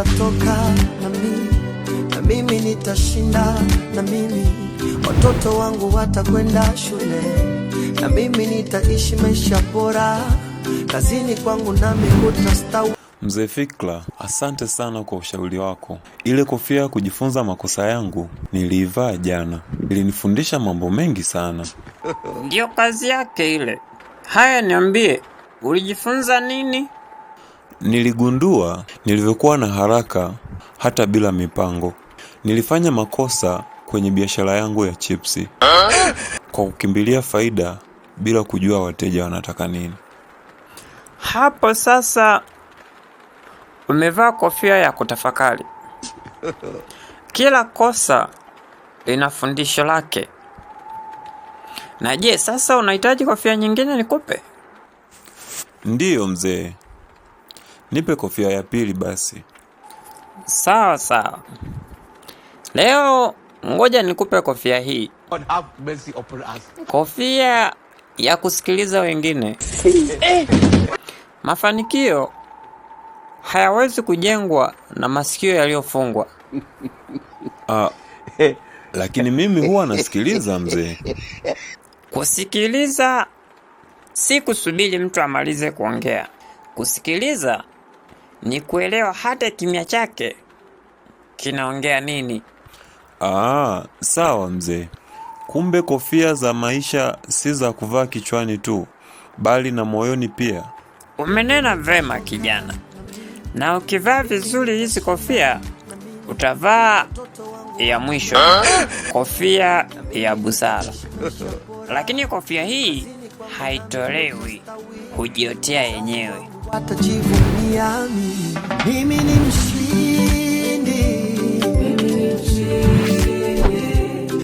utatoka na mimi na mimi nitashinda na mimi, watoto wangu watakwenda shule na mimi nitaishi maisha bora, kazini kwangu nami kutastawi. Mzee fikla asante sana kwa ushauri wako. Ile kofia kujifunza makosa yangu niliivaa jana, ilinifundisha mambo mengi sana. Ndiyo kazi yake ile. Haya, niambie, ulijifunza nini? Niligundua nilivyokuwa na haraka hata bila mipango. Nilifanya makosa kwenye biashara yangu ya chipsi kwa kukimbilia faida bila kujua wateja wanataka nini. Hapo sasa umevaa kofia ya kutafakari. Kila kosa lina fundisho lake. Na je, sasa unahitaji kofia nyingine nikupe? Ndiyo mzee, Nipe kofia ya pili basi. Sawa sawa. Leo ngoja nikupe kofia hii. Kofia ya kusikiliza wengine. Mafanikio hayawezi kujengwa na masikio yaliyofungwa. Ah, lakini mimi huwa nasikiliza mzee. Kusikiliza si kusubiri mtu amalize kuongea. Kusikiliza ni kuelewa hata kimya chake kinaongea nini. Aa, ah, sawa mzee. Kumbe kofia za maisha si za kuvaa kichwani tu, bali na moyoni pia. Umenena vema kijana, na ukivaa vizuri hizi kofia utavaa ya mwisho, kofia ya busara. Lakini kofia hii haitolewi, hujiotea yenyewe. Quattro di volia e me mi mi